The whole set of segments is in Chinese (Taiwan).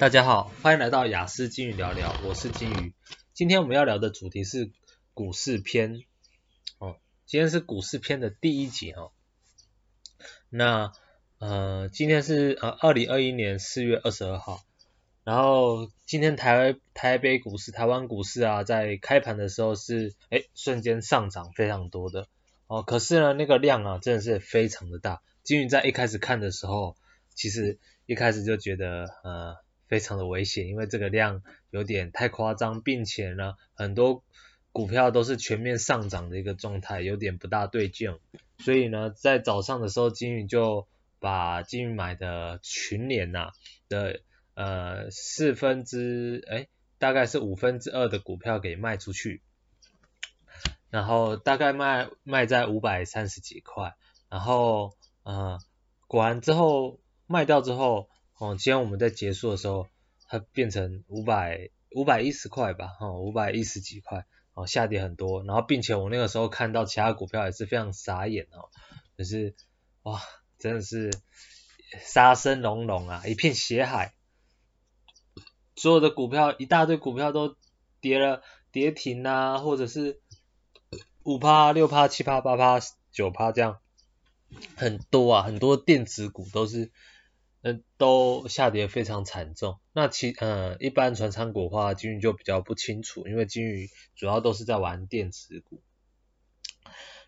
大家好，歡迎來到雅思金魚聊聊，我是金魚。今天我們要聊的主題是股市篇，哦，今天是股市篇的第一集哦。那呃，今天是呃二零二一年四月二十二號，然後今天台台北股市、台灣股市啊，在開盤的時候是誒瞬間上漲非常多的哦，可是呢那個量啊真的是非常的大。金魚在一開始看的時候，其實一開始就覺得呃。非常的危險，因為這個量有點太誇張，並且呢，很多股票都是全面上漲的一個狀態，有點不大對勁。所以呢，在早上的時候，金魚就把金魚買的群聯吶、啊、的呃四分之誒、欸、大概是五分之二的股票給賣出去，然後大概賣賣在五百三十幾塊，然後啊、呃，果然之後賣掉之後。哦，今天我們在結束的時候，它變成五百五百一十塊吧，哈、哦，五百一十幾塊，哦，下跌很多。然後，並且我那個時候看到其他股票也是非常傻眼哦，可、就是，哇，真的是殺聲隆隆啊，一片血海，所有的股票，一大堆股票都跌了，跌停啊，或者是五趴、六趴、七趴、八趴、九趴，這樣，很多啊，很多電子股都是。嗯、呃，都下跌非常慘重。那其，呃，一般傳產股的話，金魚就比較不清楚，因為金魚主要都是在玩電子股。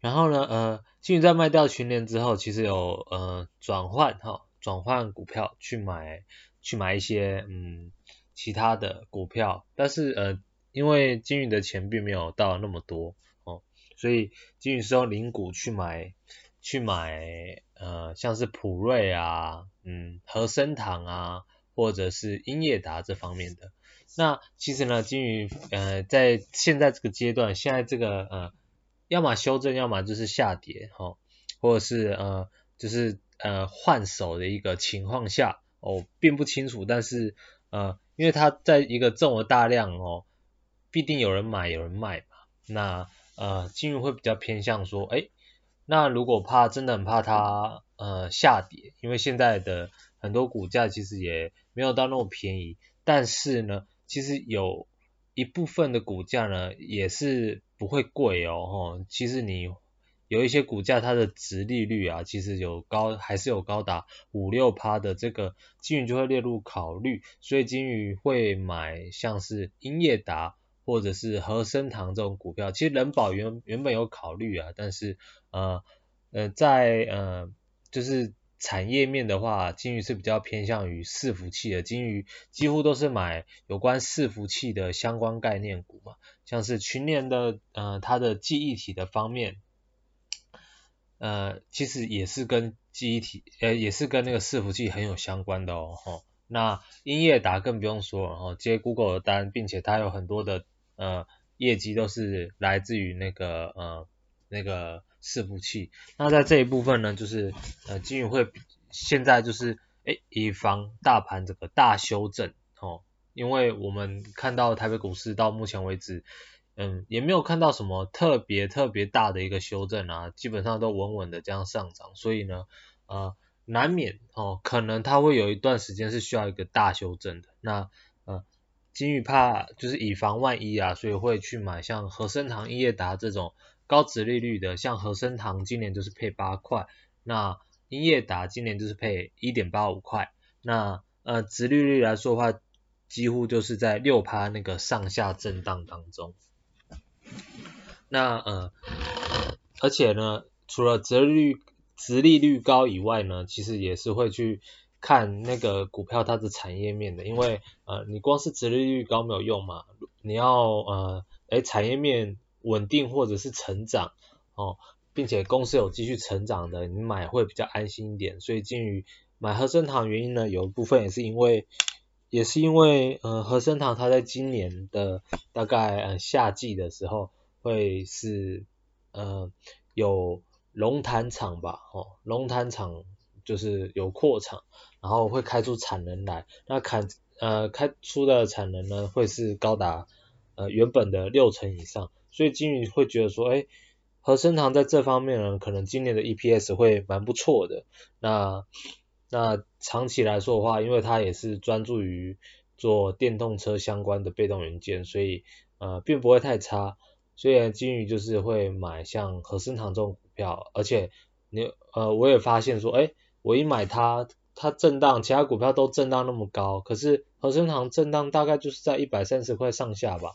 然後呢，呃，金魚在賣掉群聯之後，其實有呃轉換哈，轉換、哦、股票去買去買一些嗯其他的股票。但是呃，因為金魚的錢並沒有到那麼多哦，所以金魚是用零股去買去買呃像是普瑞啊。嗯，和聲堂啊，或者是英業達這方面的。那其實呢，金魚呃，在現在這個階段，現在這個呃，要麼修正，要麼就是下跌，哈、哦，或者是呃，就是呃換手的一個情況下，我、哦、並不清楚。但是呃，因為它在一個眾而大量哦，必定有人買，有人賣嘛。那呃，金魚會比較偏向說，誒那如果怕真的很怕它，呃，下跌，因為現在的很多股價其實也沒有到那麼便宜，但是呢，其實有一部分的股價呢，也是不會貴哦，吼、哦，其實你有一些股價，它的殖利率啊，其實有高，還是有高達五六趴的，這個金魚就會列入考慮，所以金魚會買像是英業達或者是和生堂這種股票，其實人保原原本有考慮啊，但是呃，呃，在呃。就是產業面的話，金魚是比較偏向於伺服器的，金魚幾乎都是買有關伺服器的相關概念股嘛，像是群聯的，呃，它的記憶體的方面，呃，其實也是跟記憶體，呃，也是跟那個伺服器很有相關的哦。哦那英業達更不用說，哦，接 Google 的單，並且它有很多的，呃，業績都是來自於那個，呃，那個。伺服器，那在這一部分呢，就是呃金魚會現在就是誒、欸、以防大盤這個大修正哦，因為我們看到台北股市到目前為止，嗯也沒有看到什麼特別特別大的一個修正啊，基本上都穩穩的這樣上漲，所以呢呃難免哦可能它會有一段時間是需要一個大修正的，那呃金魚怕就是以防萬一啊，所以會去買像和生堂、英業達這種。高殖利率的，像和生堂今年就是配八塊，那英業達今年就是配一點八五塊，那呃殖利率來說的話，幾乎就是在六趴那個上下震盪當中。那呃，而且呢，除了殖利率殖利率高以外呢，其實也是會去看那個股票它的產業面的，因為呃你光是殖利率高沒有用嘛，你要呃誒、欸、產業面。穩定或者是成長哦，並且公司有繼續成長的，你買會比較安心一點。所以金魚買合生堂原因呢，有一部分也是因為，也是因為呃合生堂它在今年的大概呃夏季的時候會是呃有龍潭廠吧，哦龍潭廠就是有擴廠，然後會開出產能來，那砍呃開出的產能呢會是高達呃原本的六成以上。所以金魚會覺得說，誒、欸、禾伸堂在這方面呢，可能今年的 EPS 會蠻不錯的。那那長期來說的話，因為它也是專注於做電動車相關的被動元件，所以呃並不會太差。雖然金魚就是會買像禾伸堂這種股票，而且你呃我也發現說，誒、欸、我一買它，它震盪，其他股票都震盪那麼高，可是禾伸堂震盪大概就是在一百三十塊上下吧。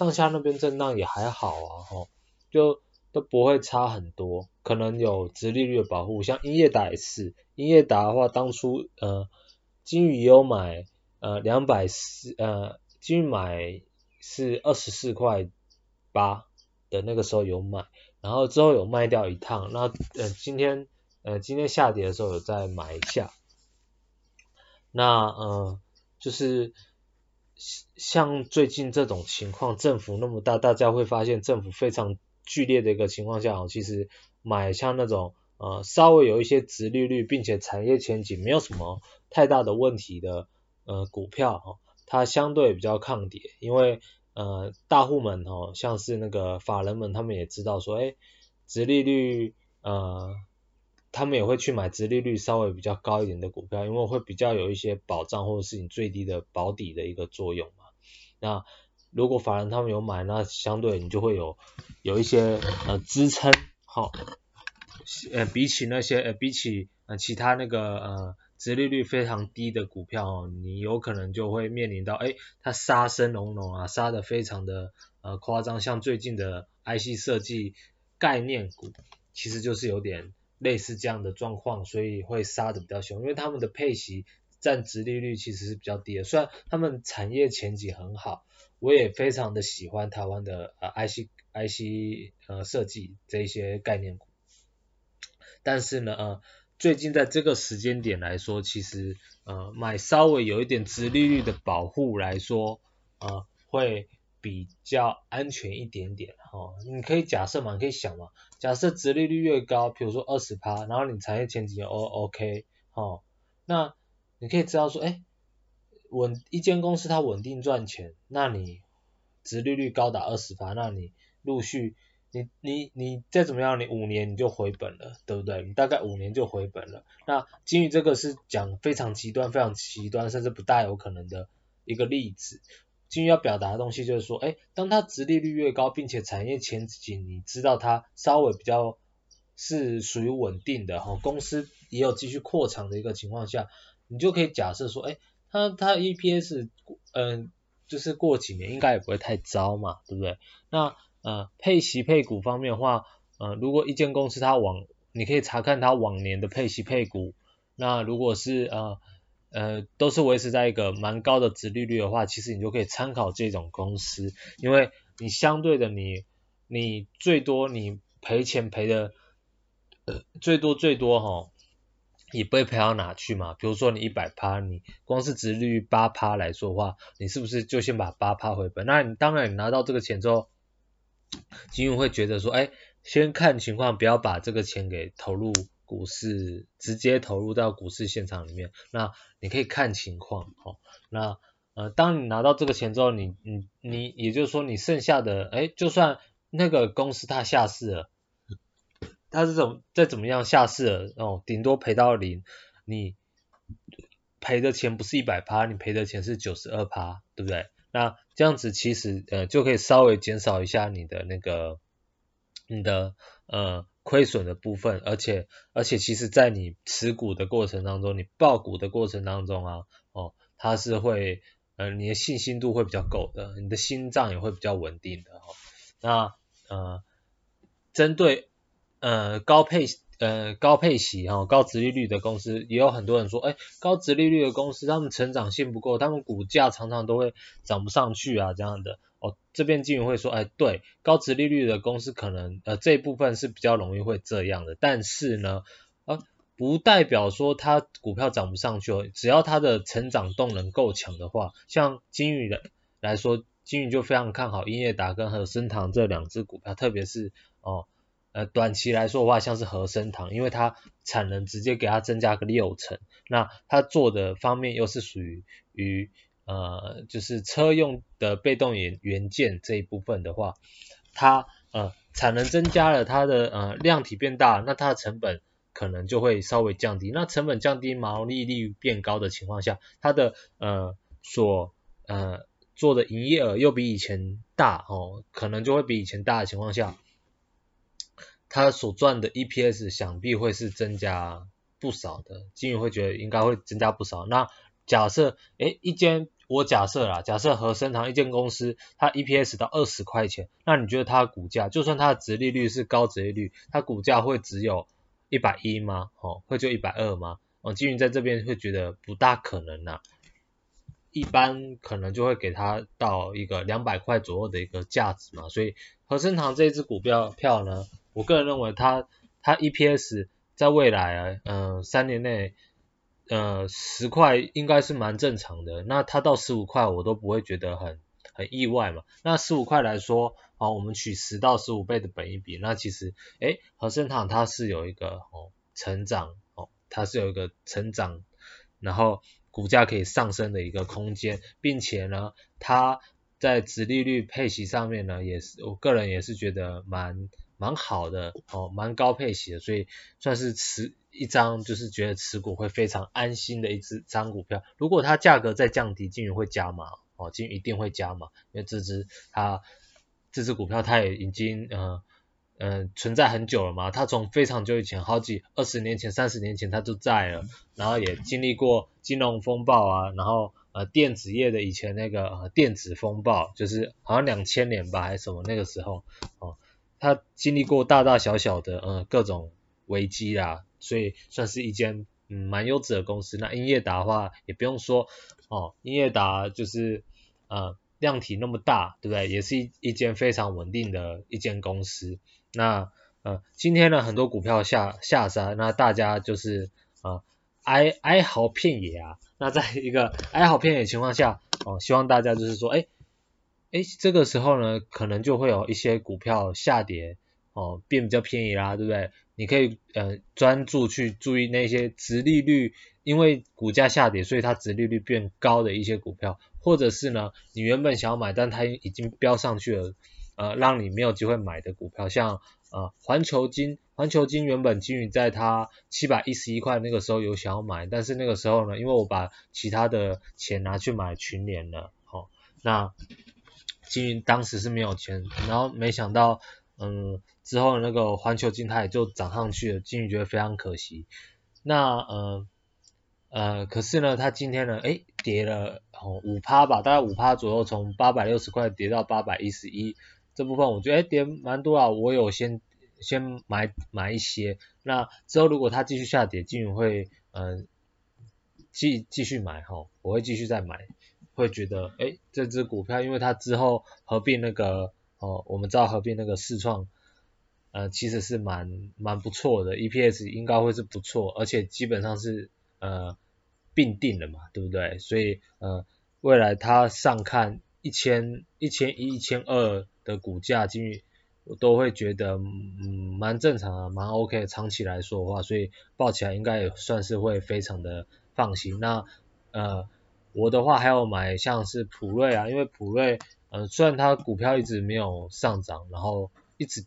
上下那邊震盪也還好啊，吼、哦，就都不會差很多，可能有殖利率的保護。像英業達也是，英業達的話，當初呃，金魚有買，呃，兩百四，呃，金魚買是二十四塊八的那個時候有買，然後之後有賣掉一趟，那呃，今天呃，今天下跌的時候有再買一下，那呃，就是。像最近這種情況，政府那麼大，大家會發現政府非常劇烈的一個情況下，其實買像那種呃，稍微有一些殖利率，並且產業前景沒有什麼太大的問題的呃股票，它相對比較抗跌，因為呃大戶們哦、呃，像是那個法人們，他們也知道說，哎，殖利率呃。他們也會去買殖利率稍微比較高一點的股票，因為會比較有一些保障，或者是你最低的保底的一個作用嘛。那如果法人他們有買，那相對你就會有有一些呃支撐，好，呃比起那些呃比起呃其他那個呃殖利率非常低的股票哦，你有可能就會面臨到哎它殺聲隆隆啊，殺得非常的呃誇張，像最近的 IC 設計概念股，其實就是有點。類似這樣的狀況，所以會殺的比較兇，因為他們的配息占殖利率其實是比較低的，雖然他們產業前景很好，我也非常的喜歡台灣的呃 IC IC 呃設計這些概念股，但是呢呃最近在這個時間點來說，其實呃買稍微有一點殖利率的保護來說呃，會。比較安全一點點哈，你可以假設嘛，你可以想嘛。假設殖利率越高，比如說二十趴，然後你產業前景也 O O K 哈，那你可以知道說，哎、欸，穩一間公司它穩定賺錢，那你殖利率高達二十趴，那你陸續你你你再怎麼樣，你五年你就回本了，對不對？你大概五年就回本了。那金魚這個是講非常極端、非常極端，甚至不大有可能的一個例子。繼續要表達的東西就是說，哎、欸，當它殖利率越高，並且產業前景你知道它稍微比較是屬於穩定的哈，公司也有繼續擴廠的一個情況下，你就可以假設說，哎、欸，它它 EPS 嗯、呃、就是過幾年應該也不會太糟嘛，對不對？那呃配息配股方面的話，呃如果一間公司它往你可以查看它往年的配息配股，那如果是呃，呃，都是維持在一個蠻高的殖利率的話，其實你就可以參考這種公司，因為你相對的你，你最多你賠錢賠的，呃，最多最多哈，也不會賠到哪去嘛。比如說你一百趴，你光是殖利率八趴來說的話，你是不是就先把八趴回本？那你當然你拿到這個錢之後，金魚會覺得說，哎、欸，先看情況，不要把這個錢給投入。股市直接投入到股市現場裡面，那你可以看情況，好、哦，那呃，當你拿到這個錢之後，你你你，你也就是說，你剩下的，誒、欸、就算那個公司它下市了，它是怎麼再怎麼樣下市了，哦，頂多賠到零，你賠的錢不是一百趴，你賠的錢是九十二趴，對不對？那這樣子其實呃，就可以稍微減少一下你的那個你的呃。虧損的部分，而且而且，其實在你持股的過程當中，你抱股的過程當中啊，哦，它是會，呃，你的信心度會比較夠的，你的心臟也會比較穩定的哦。那呃，針對呃高配呃高配息哈、哦、高殖利率的公司，也有很多人說，誒、欸、高殖利率的公司他們成長性不夠，他們股價常常都會漲不上去啊這樣的。哦，這邊金魚會說，哎，對，高殖利率的公司可能，呃，這一部分是比較容易會這樣的，但是呢，呃，不代表說它股票漲不上去哦，只要它的成長動能夠強的話，像金魚的來說，金魚就非常看好英業達跟和生堂這兩隻股票，特別是哦，呃，短期來說的話，像是和生堂，因為它產能直接給它增加個六成，那它做的方面又是屬於於。呃，就是車用的被動元元件這一部分的話，它呃產能增加了，它的呃量體變大，那它的成本可能就會稍微降低，那成本降低，毛利率變高的情況下，它的呃所呃做的營業額又比以前大哦，可能就會比以前大的情況下，它所賺的 EPS 想必會是增加不少的，金魚會覺得應該會增加不少。那假設誒、欸、一間。我假設啦，假設和生堂一間公司，它 EPS 到二十塊錢，那你覺得它的股價，就算它的殖利率是高殖利率，它股價會只有一百一嗎？哦，會就一百二嗎？哦，金魚在這邊會覺得不大可能啦、啊、一般可能就會給它到一個兩百塊左右的一個價值嘛。所以和生堂這支股票票呢，我個人認為它它 EPS 在未來啊，嗯、呃，三年內。呃，十塊應該是蠻正常的，那它到十五塊我都不會覺得很很意外嘛。那十五塊來說，啊、哦、我們取十到十五倍的本益比，那其實，哎、欸，和盛堂它是有一個哦成長哦，它是有一個成長，然後股價可以上升的一個空間，並且呢，它在殖利率配息上面呢，也是我個人也是覺得蠻。蠻好的哦，蠻高配息的，所以算是持一張，就是覺得持股會非常安心的一支張股票。如果它價格再降低，金魚會加碼哦，金魚一定會加碼，因為這支它這支股票它也已經嗯嗯、呃呃、存在很久了嘛，它從非常久以前，好幾二十年前、三十年前它就在了，然後也經歷過金融風暴啊，然後呃電子業的以前那個呃電子風暴，就是好像兩千年吧還是什麼那個時候哦。它經歷過大大小小的嗯、呃、各種危機啦，所以算是一間嗯蠻優質的公司。那英業達的話也不用說哦，英業達就是呃量體那麼大，對不對？也是一一間非常穩定的一間公司。那嗯、呃、今天呢，很多股票下下殺，那大家就是啊、呃、哀哀嚎遍野啊。那在一個哀嚎遍野情況下，哦、呃、希望大家就是說誒哎，這個時候呢，可能就會有一些股票下跌，哦，變比較便宜啦，對不對？你可以呃專注去注意那些殖利率，因為股價下跌，所以它殖利率變高的一些股票，或者是呢，你原本想要買，但它已經飆上去了，呃，讓你沒有機會買的股票，像呃環球金，環球金原本金魚在它七百一十一塊那個時候有想要買，但是那個時候呢，因為我把其他的錢拿去買群聯了，好、哦，那。金魚當時是沒有錢，然後沒想到，嗯，之後那個環球晶它就漲上去了，金魚覺得非常可惜。那，呃，呃，可是呢，它今天呢，誒、欸、跌了五趴、哦、吧，大概五趴左右，從八百六十塊跌到八百一十一，這部分我覺得誒、欸、跌蠻多啊，我有先先買買一些。那之後如果它繼續下跌，金魚會，嗯、呃，繼繼續買哈，我會繼續再買。會覺得，哎，這隻股票，因為它之後合併那個，哦，我們知道合併那個世創，呃，其實是蠻蠻不錯的，EPS 應該會是不錯，而且基本上是呃并定的嘛，對不對？所以呃，未來它上看一千、一千一、一千二的股價區域，我都會覺得嗯蠻正常的、啊，蠻 OK 的，長期來說的話，所以抱起來應該也算是會非常的放心。那呃。我的話還有買像是普瑞啊，因為普瑞，嗯、呃，雖然它股票一直沒有上漲，然後一直，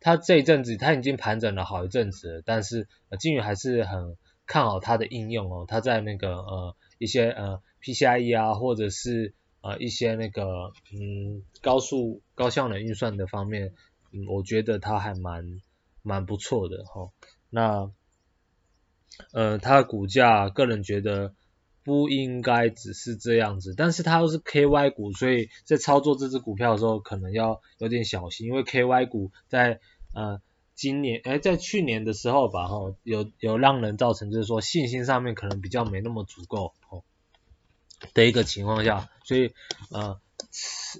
它這一陣子它已經盤整了好一陣子了，但是、呃、金魚還是很看好它的應用哦，它在那個呃一些呃 PCIe 啊，或者是呃一些那個嗯高速高效能運算的方面，嗯，我覺得它還蠻蠻不錯的哈、哦，那呃它股價個人覺得，不應該只是這樣子，但是它又是 KY 股，所以在操作這支股票的時候，可能要有點小心，因為 KY 股在呃今年，哎，在去年的時候吧，哈、哦，有有讓人造成就是說信心上面可能比較沒那麼足夠，哈、哦、的一個情況下，所以呃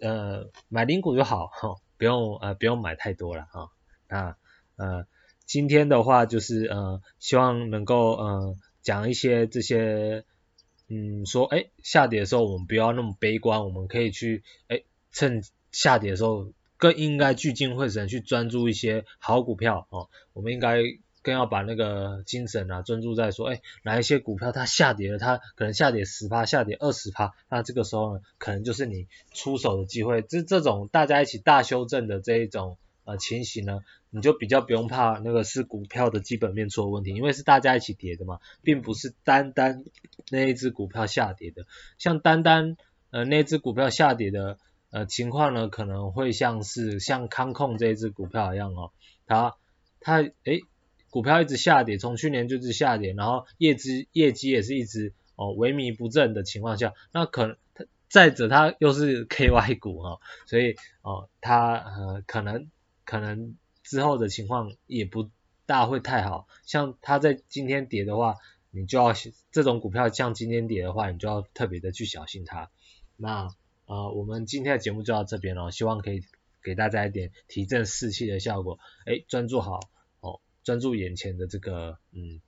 呃買零股就好，哈、哦，不用呃不用買太多了，啊、哦、啊呃今天的話就是呃希望能夠呃講一些這些。嗯，說哎，下跌的時候我們不要那麼悲觀，我們可以去誒，趁下跌的時候更應該聚精會神去專注一些好股票哦。我們應該更要把那個精神啊專注在說哎，哪一些股票它下跌了，它可能下跌十趴，下跌二十趴，那這個時候呢，可能就是你出手的機會。這這種大家一起大修正的這一種呃情形呢。你就比較不用怕那個是股票的基本面出了問題，因為是大家一起跌的嘛，並不是單單那一隻股票下跌的。像單單呃那隻股票下跌的呃情況呢，可能會像是像康控這一隻股票一樣哦，它它誒、欸、股票一直下跌，從去年就一直下跌，然後業績業績也是一直哦萎、呃、靡不振的情況下，那可能它再者它又是 KY 股哦，所以哦、呃、它呃可能可能。可能之後的情況也不大會太好，像它在今天跌的話，你就要這種股票像今天跌的話，你就要特別的去小心它。那呃，我們今天的節目就到這邊了，希望可以給大家一點提振士氣的效果。誒專注好哦，專注眼前的這個嗯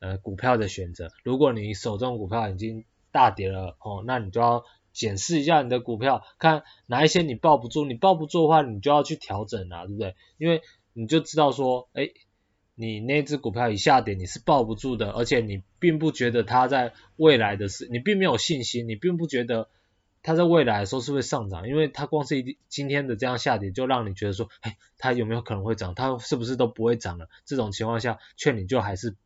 呃股票的選擇。如果你手中股票已經大跌了哦，那你就要。檢視一下你的股票，看哪一些你抱不住，你抱不住的話，你就要去調整啦，啊，對不對？因為你就知道說，哎，你那只股票一下跌你是抱不住的，而且你並不覺得它在未來的是，你並沒有信心，你並不覺得它在未來的時候是會上漲，因為它光是一今天的這樣下跌就讓你覺得說，哎，它有沒有可能會漲？它是不是都不會漲了？這種情況下，勸你就還是。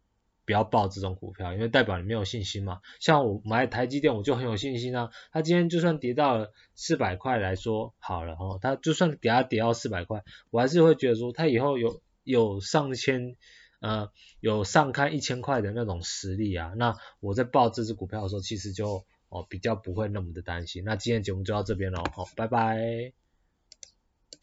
不要抱這種股票，因為代表你沒有信心嘛。像我買台積電，我就很有信心啊。它今天就算跌到了四百塊來說，好了，哦。它就算給他跌到四百塊，我還是會覺得說，它以後有有上千，呃，有上看一千塊的那種實力啊。那我在抱這支股票的時候，其實就哦比較不會那麼的擔心。那今天節目就到這邊了，哦，拜拜。